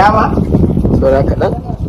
dama Sora kaɗan